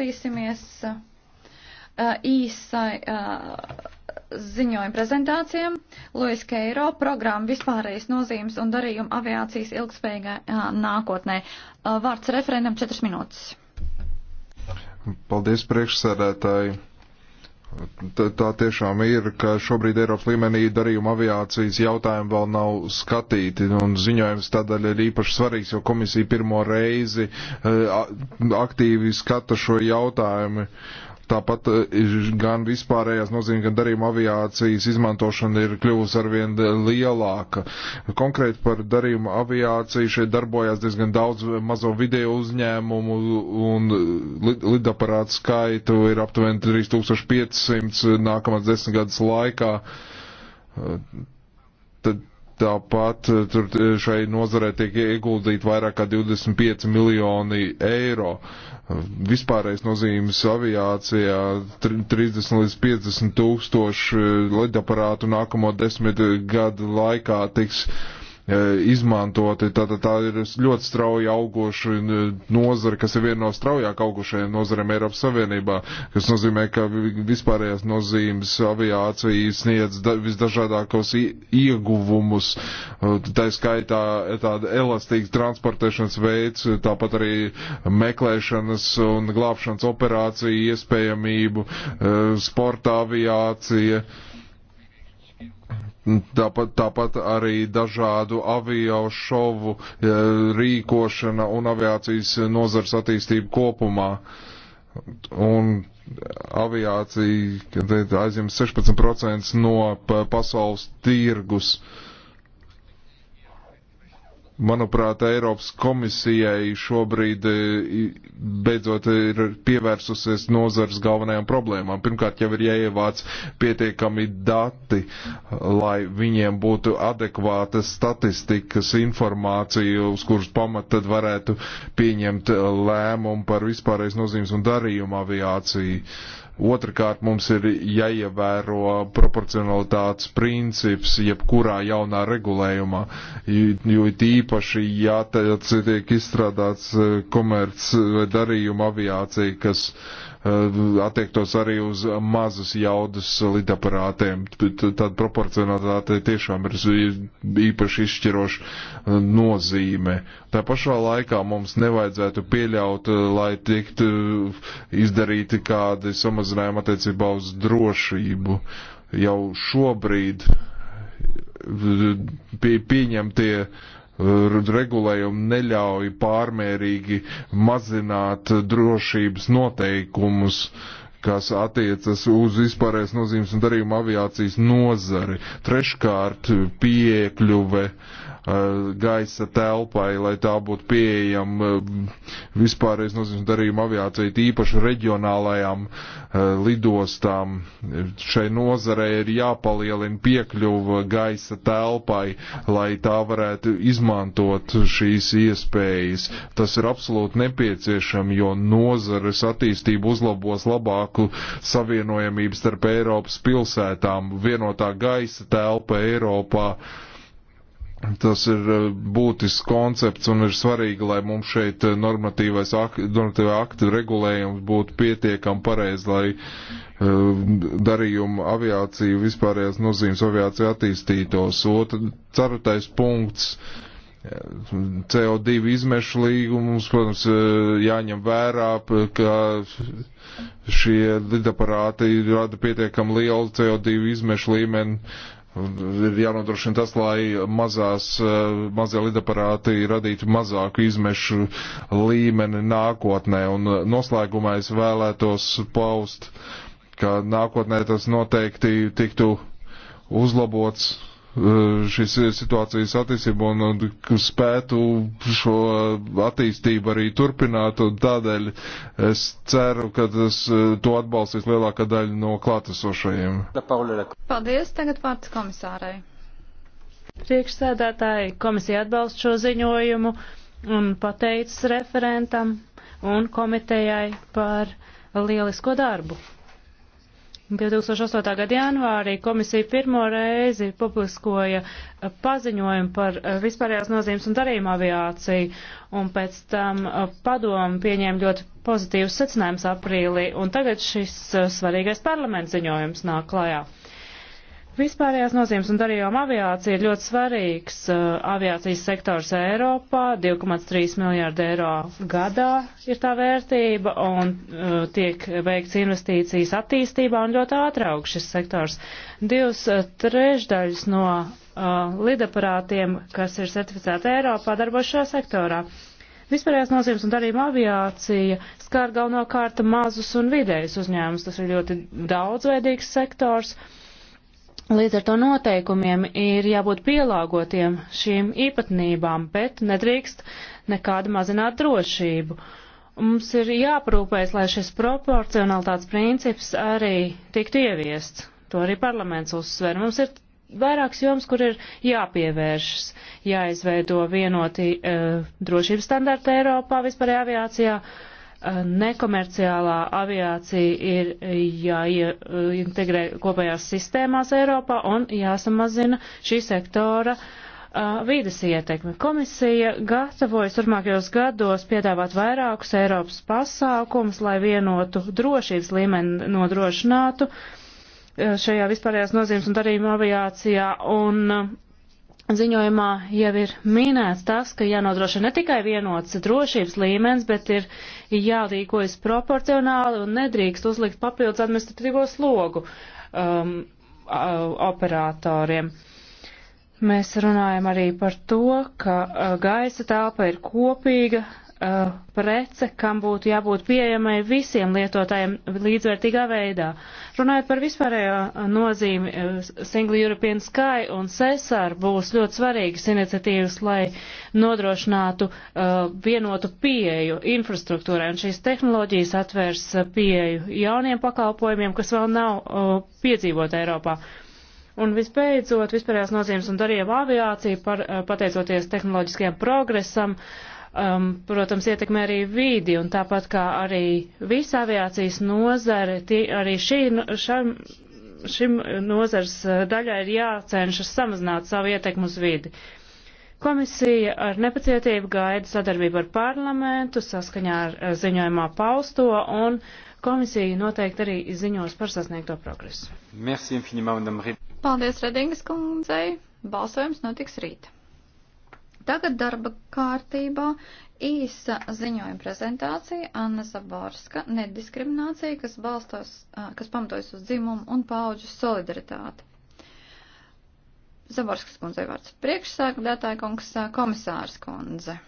pievērsīsimies īsai ziņojuma prezentācijām. Luis Keiro programma vispārējais nozīmes un darījuma aviācijas ilgspējīgai nākotnē. Vārds referendam 4 minūtes. Paldies priekšsēdētāji. Tā tiešām ir, ka šobrīd Eiropas līmenī darījuma aviācijas jautājumi vēl nav skatīti, un ziņojums tādēļ ir īpaši svarīgs, jo komisija pirmo reizi eh, aktīvi skata šo jautājumu Tāpat e, gan vispārējās nozīme, gan darījuma aviācijas izmantošana ir kļuvusi arvien lielāka. Konkrēti par darījuma aviāciju šeit darbojās diezgan daudz mazo video uzņēmumu un lidaparātu skaitu ir aptuveni 3500 nākamās desmit gadus laikā. E, tad Tāpat eh, tur eh, šai nozarē tiek ieguldīti vairāk kā 25 miljoni eiro. Vispārējais nozīmes aviācijā 30 līdz 50 tūkstoši eh, lidaparātu nākamo desmit gadu laikā tiks uh, E, izmantoti. Tātad tā ir ļoti strauji augoša e, nozara, kas ir viena no straujāk augošajiem nozarēm Eiropas Savienībā, kas nozīmē, ka vispārējās nozīmes aviācija sniedz visdažādākos ieguvumus, e, tā skaitā tāda elastīga transportēšanas veids, tāpat arī meklēšanas un glābšanas operāciju iespējamību, sporta aviācija. Yeah Tāpat, tāpat arī dažādu avio šovu e, rīkošana un aviācijas nozars attīstība kopumā. Un aviācija aizņem 16% no pasaules tirgus. Uh, Manuprāt, Eiropas komisijai šobrīd e, beidzot ir pievērsusies nozars galvenajām problēmām. Pirmkārt, jau ir jāievāc pietiekami dati, lai viņiem būtu adekvāta statistikas informācija, uz kuras pamata tad varētu pieņemt lēmumu par vispārreiz nozīmes un darījumu aviāciju. Otrakārt, mums ir jāievēro proporcionalitātes princips jebkurā jaunā regulējumā, jo tīpaši īpaši, ja tiek izstrādāts e, komerc vai e, darījuma aviācija, kas e, attiektos arī uz mazas jaudas lidaparātiem. Tad proporcionalitāte tiešām ir īpaši izšķiroša nozīme. Tā pašā laikā mums nevajadzētu pieļaut, lai tiktu izdarīti kādi samazinājumi attiecībā uz drošību. Jau šobrīd pie, pieņemtie uh, regulējumi neļauj pārmērīgi mazināt drošības noteikumus kas attiecas uz vispārējais nozīmes un darījuma aviācijas nozari. Treškārt, piekļuve eh, gaisa telpai, lai tā būtu pieejama eh, vispārējais nozīmes un darījuma aviācija, īpaši reģionālajām eh, lidostām. Šai nozarei ir jāpalielina piekļuva gaisa telpai, lai tā varētu izmantot šīs iespējas. Tas ir absolūti nepieciešami, jo nozares attīstību uzlabos labāk labāku savienojamību starp Eiropas pilsētām, vienotā gaisa telpa Eiropā. Tas ir eh, būtisks koncepts un ir svarīgi, lai mums šeit eh, normatīvais akti, normatīvā akta regulējums būtu pietiekam pareizi, lai uh, darījumu aviāciju vispārējās nozīmes aviācija attīstītos. Otra, ceturtais punkts. Uh, CO2 izmešu līgumus, protams, eh, jāņem vērā, ka šie lidaparāti rada pietiekam lielu CO2 izmešu līmeni. Ir jānodrošina tas, lai mazās, eh, mazie lidaparāti radītu mazāku izmešu līmeni nākotnē. Un eh, noslēgumā es vēlētos paust, ka nākotnē tas noteikti tiktu uzlabots Eh, šīs situācijas attīstību un, un spētu šo attīstību arī turpināt, un tādēļ es ceru, ka tas, eh, to atbalstīs lielākā daļa no klātesošajiem. Paldies, tagad vārds komisārai. Priekšsēdētāji, komisija atbalsta šo ziņojumu un pateicis referentam un komitejai par lielisko darbu. 2008. gada janvārī komisija pirmo reizi publiskoja eh, paziņojumu par eh, vispārējās nozīmes un darījuma aviāciju, un pēc tam eh, padomu pieņēma ļoti pozitīvus secinājumus aprīlī, un tagad šis svarīgais parlaments ziņojums nāk klajā. Vispārējās nozīmes un darījuma aviācija ir ļoti svarīgs uh, aviācijas sektors Eiropā. 2,3 miljārdi eiro gadā ir tā vērtība un uh, tiek veikts investīcijas attīstībā un ļoti ātraug šis sektors. Divas uh, trešdaļas no uh, lidaparātiem, kas ir certificēti Eiropā, darbojas šajā sektorā. Vispārējās nozīmes un darījuma aviācija skār galvenokārt mazus un vidējus uzņēmumus. Tas ir ļoti daudzveidīgs sektors. Uh, Līdz ar to noteikumiem ir jābūt pielāgotiem šīm īpatnībām, bet nedrīkst nekāda mazināt drošību. Mums ir jāprūpēs, lai šis proporcionalitātes princips arī tiktu ieviests. To arī parlaments uzsver. Mums ir vairākas jomas, kur ir jāpievēršas, jāizveido vienoti uh, drošības standarti Eiropā vispārējā aviācijā. Uh, nekomerciālā aviācija ir jāintegrē kopējās sistēmās Eiropā un jāsamazina šī sektora vīdes ietekme. Komisija gatavojas turpmākajos gados piedāvāt vairākus Eiropas pasākumus, lai vienotu drošības līmeni nodrošinātu šajā vispārējās nozīmes un darījuma aviācijā. Un, uh, ziņojumā jau ir minēts tas, ka jānodrošina ne tikai vienots drošības līmenis, bet ir jārīkojas proporcionāli un nedrīkst uzlikt papildus administratīvo slogu um, operatoriem. Mēs runājam arī par to, ka gaisa telpa ir kopīga uh, prece, kam būtu jābūt pieejamai visiem lietotājiem līdzvērtīgā veidā. Runājot par vispārējo nozīmi, uh, Single European Sky un Cesar būs ļoti svarīgas iniciatīvas, lai nodrošinātu uh, vienotu pieeju infrastruktūrai, un šīs tehnoloģijas atvērs uh, pieeju jauniem pakalpojumiem, kas vēl nav uh, piedzīvot Eiropā. Un visbeidzot, vispārējās nozīmes un darījuma aviācija, par, uh, pateicoties tehnoloģiskajam progresam, uh, um, protams, ietekmē arī vīdi, un tāpat kā arī visa aviācijas nozare, tie, arī šī, šam, šim nozars uh, daļai ir jācenšas samazināt savu ietekmu uz vidi. Komisija ar nepacietību gaida sadarbību ar parlamentu saskaņā ar uh, ziņojumā pausto, un komisija noteikti arī ziņos par sasniegto progresu. Merci infinimā, Paldies, Redingas kundzei! Balsojums notiks rīt. Tagad darba kārtībā īsa ziņojuma prezentācija Anna Zaborska - nediskriminācija, kas, balstos, kas pamatojas uz dzimumu un paauģu solidaritāti. Zaborskas kundzei vārds priekšsākdētāja kungs komisārs kundze.